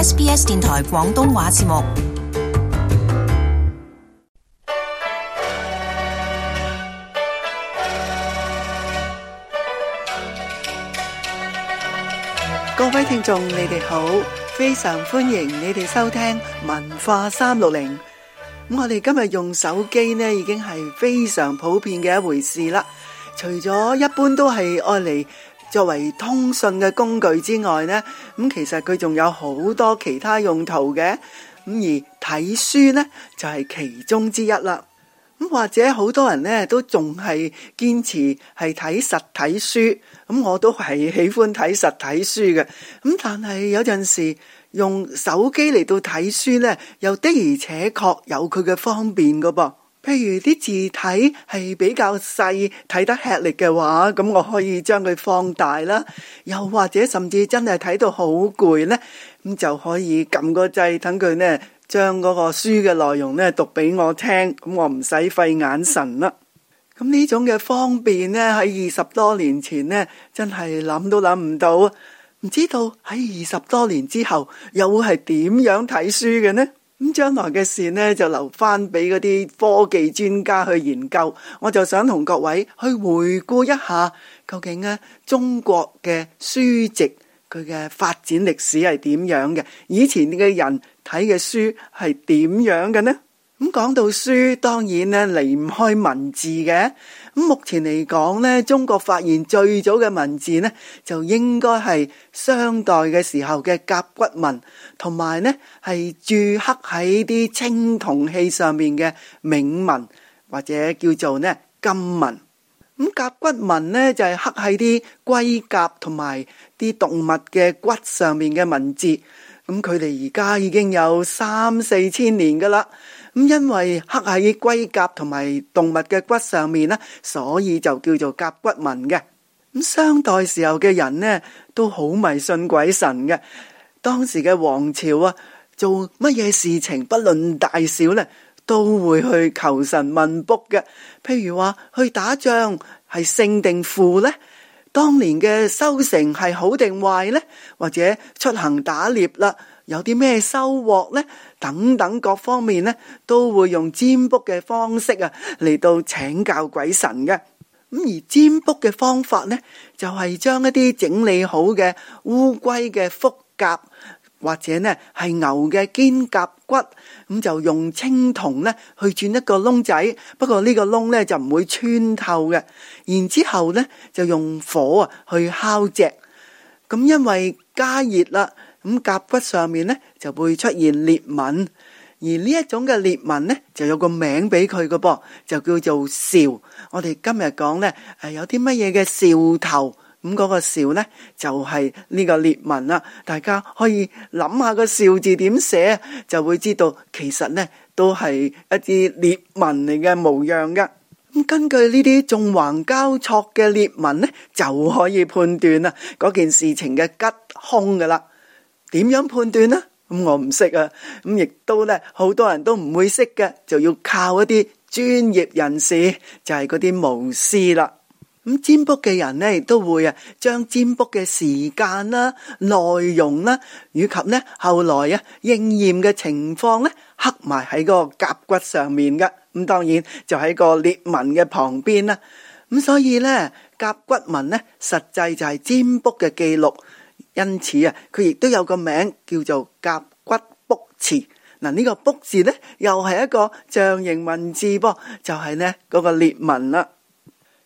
SBS 電台廣東話節目，各位聽眾，你哋好，非常歡迎你哋收聽文化三六零。咁我哋今日用手機呢，已經係非常普遍嘅一回事啦。除咗一般都係愛嚟。作為通訊嘅工具之外呢，咁其實佢仲有好多其他用途嘅，咁而睇書呢，就係其中之一啦。咁或者好多人呢，都仲係堅持係睇實體書，咁我都係喜歡睇實體書嘅。咁但係有陣時用手機嚟到睇書呢，又的而且確有佢嘅方便噶噃。譬如啲字體係比較細，睇得吃力嘅話，咁我可以將佢放大啦。又或者甚至真係睇到好攰呢，咁就可以撳個掣，等佢呢將嗰個書嘅內容呢讀俾我聽。咁我唔使費眼神啦。咁呢種嘅方便呢，喺二十多年前呢，真係諗都諗唔到。唔知道喺二十多年之後，又會係點樣睇書嘅呢？咁將來嘅事呢，就留翻俾嗰啲科技專家去研究。我就想同各位去回顧一下，究竟呢、啊、中國嘅書籍佢嘅發展歷史係點樣嘅？以前嘅人睇嘅書係點樣嘅呢？咁講到書，當然咧離唔開文字嘅。咁目前嚟講咧，中國發現最早嘅文字咧，就應該係商代嘅時候嘅甲骨文，同埋咧係鑄刻喺啲青銅器上面嘅銘文，或者叫做咧金文。咁甲骨文咧就係刻喺啲龜甲同埋啲動物嘅骨上面嘅文字。咁佢哋而家已經有三四千年噶啦。咁因為刻喺龜甲同埋動物嘅骨上面呢，所以就叫做甲骨文嘅。咁商代時候嘅人呢，都好迷信鬼神嘅。當時嘅王朝啊，做乜嘢事情不論大小呢，都會去求神問卜嘅。譬如話去打仗係勝定負呢，當年嘅收成係好定壞呢，或者出行打獵啦。有啲咩收穫呢？等等各方面呢，都會用占卜嘅方式啊嚟到請教鬼神嘅。咁而占卜嘅方法呢，就係、是、將一啲整理好嘅烏龜嘅腹甲，或者呢係牛嘅肩胛骨，咁、嗯、就用青銅呢去鑽一個窿仔。不過呢個窿呢，就唔會穿透嘅。然之後呢就用火啊去烤灼。咁、嗯、因為加熱啦、啊。咁甲骨上面呢就會出現裂紋，而呢一種嘅裂紋呢就有個名俾佢嘅噃，就叫做兆。我哋今日講呢，誒有啲乜嘢嘅兆頭？咁嗰個兆呢就係呢個裂紋啦。大家可以諗下個兆字點寫，就會知道其實呢都係一啲裂紋嚟嘅模樣嘅。根據呢啲縱橫交錯嘅裂紋呢，就可以判斷啊嗰件事情嘅吉凶噶啦。點樣判斷呢？咁、嗯、我唔識啊！咁、嗯、亦都咧，好多人都唔會識嘅，就要靠一啲專業人士，就係嗰啲巫師啦。咁、嗯、占卜嘅人咧，亦都會啊，將占卜嘅時間啦、啊、內容啦、啊，以及呢後來啊應驗嘅情況咧，刻埋喺個甲骨上面㗎。咁、嗯、當然就喺個裂紋嘅旁邊啦、啊。咁、嗯、所以咧，甲骨文咧，實際就係占卜嘅記錄。因此啊，佢亦都有個名叫做甲骨卜辭。嗱，呢個卜字呢，又係一個象形文字噃，就係呢個裂紋啦。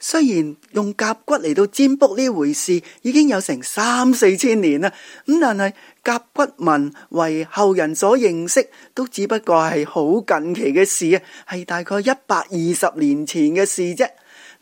雖然用甲骨嚟到占卜呢回事已經有成三四千年啦，咁但係甲骨文為後人所認識，都只不過係好近期嘅事啊，係大概一百二十年前嘅事啫。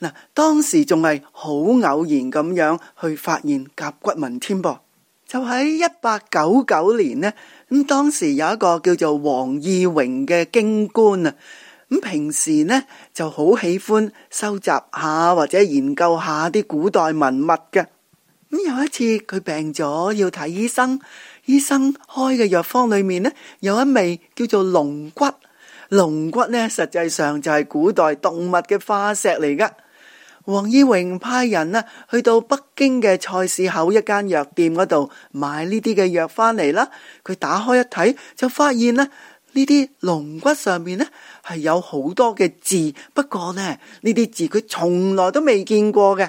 嗱，當時仲係好偶然咁樣去發現甲骨文添噃。就喺一八九九年呢，咁當時有一個叫做王懿榮嘅京官啊，咁平時呢就好喜歡收集下或者研究下啲古代文物嘅。咁有一次佢病咗要睇醫生，醫生開嘅藥方裏面呢，有一味叫做龍骨。龍骨呢，實際上就係古代動物嘅化石嚟噶。黃義榮派人呢去到北京嘅菜市口一間藥店嗰度買呢啲嘅藥翻嚟啦。佢打開一睇就發現呢呢啲龍骨上面呢係有好多嘅字，不過呢呢啲字佢從來都未見過嘅。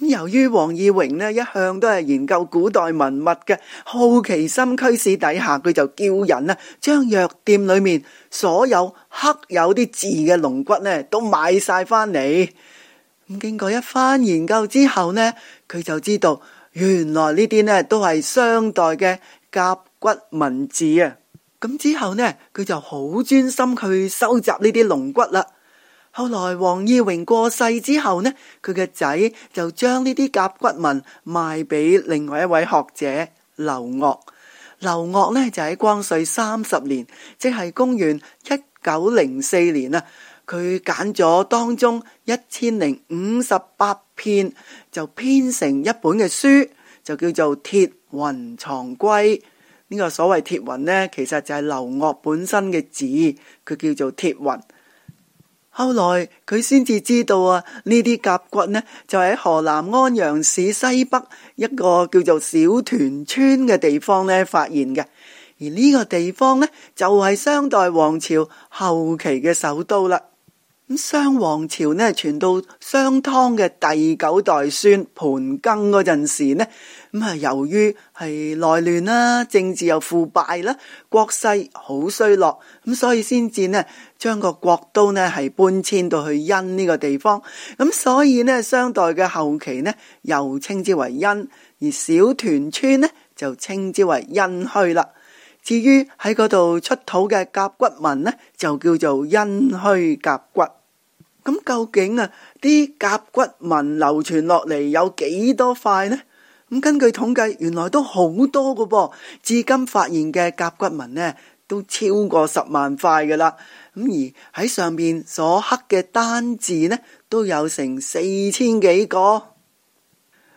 由於黃義榮呢一向都係研究古代文物嘅好奇心驅使底下，佢就叫人啊將藥店裏面所有刻有啲字嘅龍骨呢都買晒翻嚟。咁經過一番研究之後呢，佢就知道原來呢啲呢都係商代嘅甲骨文字啊！咁之後呢，佢就好專心去收集呢啲龍骨啦。後來王懿榮過世之後呢，佢嘅仔就將呢啲甲骨文賣俾另外一位學者劉鄂。劉鄂呢就喺光緒三十年，即係公元一九零四年啊。佢揀咗當中一千零五十八片，就編成一本嘅書，就叫做《鐵雲藏龜》。呢、這個所謂鐵雲呢，其實就係劉鶚本身嘅字，佢叫做鐵雲。後來佢先至知道啊，呢啲甲骨呢，就喺河南安陽市西北一個叫做小屯村嘅地方呢發現嘅，而呢個地方呢就係、是、商代王朝後期嘅首都啦。咁商王朝呢，傳到商湯嘅第九代孫盤庚嗰陣時呢，咁啊由於係內亂啦，政治又腐敗啦，國勢好衰落，咁所以先至呢，將個國都呢係搬遷到去殷呢個地方，咁所以呢商代嘅後期呢，又稱之為殷，而小屯村呢就稱之為殷墟啦。至於喺嗰度出土嘅甲骨文呢，就叫做殷墟甲骨。咁究竟啊，啲甲骨文流傳落嚟有幾多塊呢？咁根據統計，原來都好多噶噃，至今發現嘅甲骨文呢，都超過十萬塊噶啦。咁而喺上面所刻嘅單字呢，都有成四千幾個。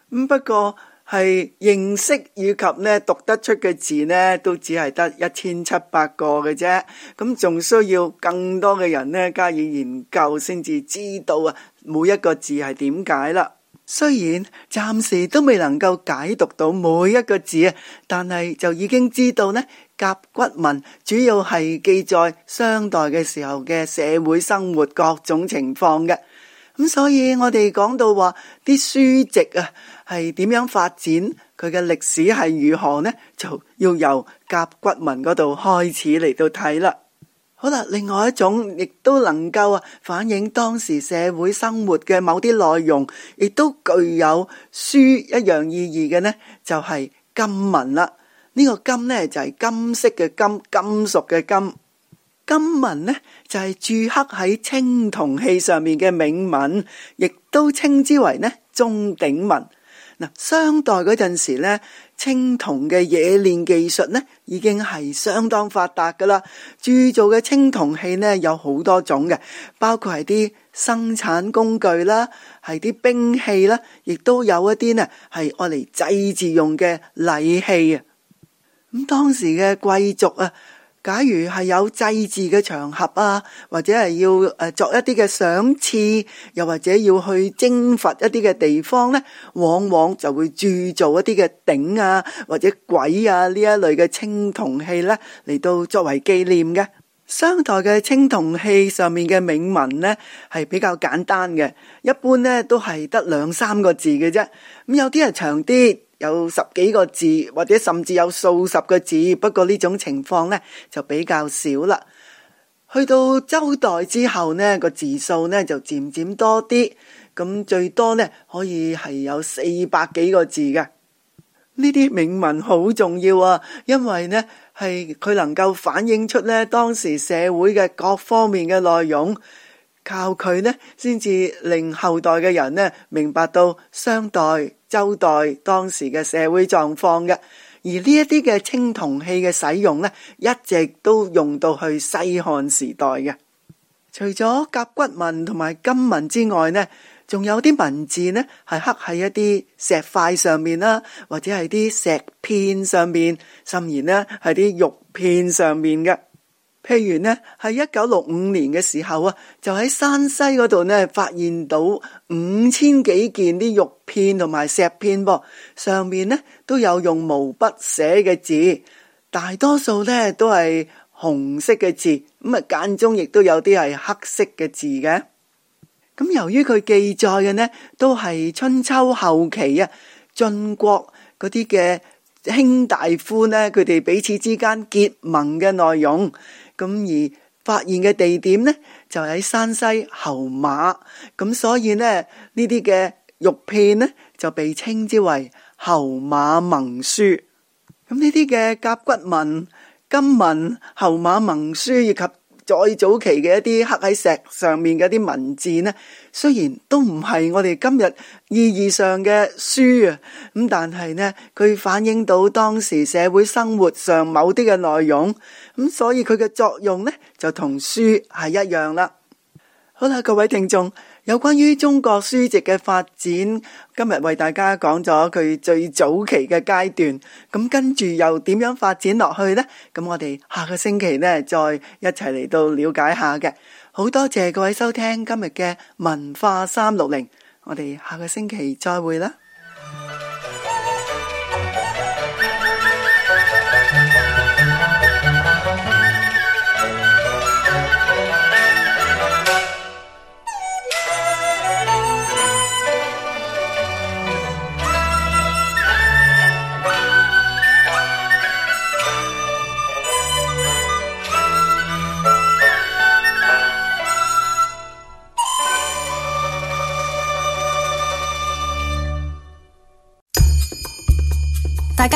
不過。係認識以及咧讀得出嘅字呢，都只係得一千七百個嘅啫。咁仲需要更多嘅人咧加以研究，先至知道啊每一個字係點解啦。雖然暫時都未能夠解讀到每一個字啊，但係就已經知道呢，甲骨文主要係記載商代嘅時候嘅社會生活各種情況嘅。咁所以我哋講到話啲書籍啊，係點樣發展？佢嘅歷史係如何呢？就要由甲骨文嗰度開始嚟到睇啦。好啦，另外一種亦都能夠啊反映當時社會生活嘅某啲內容，亦都具有書一樣意義嘅呢？就係金文啦。呢個金呢就係金色嘅金，金屬嘅金。金文呢，就係鑄刻喺青銅器上面嘅銘文，亦都稱之為呢「鐘鼎文」。嗱，商代嗰陣時呢，青銅嘅冶煉技術呢已經係相當發達噶啦。鑄造嘅青銅器呢，有好多種嘅，包括係啲生產工具啦，係啲兵器啦，亦都有一啲呢係愛嚟祭祀用嘅禮器啊。咁，嗯，當時嘅貴族啊。假如係有祭祀嘅場合啊，或者係要誒作一啲嘅賞賜，又或者要去征伐一啲嘅地方呢，往往就會鑄造一啲嘅鼎啊，或者簋啊呢一類嘅青銅器呢嚟到作為紀念嘅。商代嘅青銅器上面嘅銘文呢係比較簡單嘅，一般呢都係得兩三個字嘅啫。咁有啲係長啲。有十幾個字，或者甚至有數十個字，不過呢種情況呢，就比較少啦。去到周代之後呢，個字數呢，就漸漸多啲，咁最多呢，可以係有四百幾個字嘅。呢啲銘文好重要啊，因為呢，係佢能夠反映出呢當時社會嘅各方面嘅內容，靠佢呢，先至令後代嘅人呢，明白到商代。周代當時嘅社會狀況嘅，而呢一啲嘅青銅器嘅使用呢，一直都用到去西漢時代嘅。除咗甲骨文同埋金文之外呢，呢仲有啲文字呢係刻喺一啲石塊上面啦，或者係啲石片上面，甚至呢係啲玉片上面嘅。譬如呢，喺一九六五年嘅時候啊，就喺山西嗰度呢，發現到五千幾件啲玉片同埋石片噃，上面呢都有用毛筆寫嘅字，大多數呢都係紅色嘅字，咁啊間中亦都有啲係黑色嘅字嘅。咁由於佢記載嘅呢都係春秋後期啊晉國嗰啲嘅卿大夫呢，佢哋彼此之間結盟嘅內容。咁而發現嘅地點呢，就喺山西侯馬，咁所以呢，呢啲嘅玉片呢，就被稱之為侯馬盟書。咁呢啲嘅甲骨文、金文、侯馬盟書以及再早期嘅一啲刻喺石上面嘅啲文字呢，雖然都唔係我哋今日意義上嘅書啊，咁但係呢，佢反映到當時社會生活上某啲嘅內容，咁、嗯、所以佢嘅作用呢，就同書係一樣啦。好啦，各位聽眾。有關於中國書籍嘅發展，今日為大家講咗佢最早期嘅階段，咁跟住又點樣發展落去呢？咁我哋下個星期呢，再一齊嚟到了解下嘅。好多謝各位收聽今日嘅文化三六零，我哋下個星期再會啦。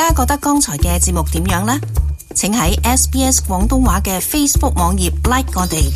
大家覺得剛才嘅節目點樣呢？請喺 SBS 廣東話嘅 Facebook 網頁 like 我哋。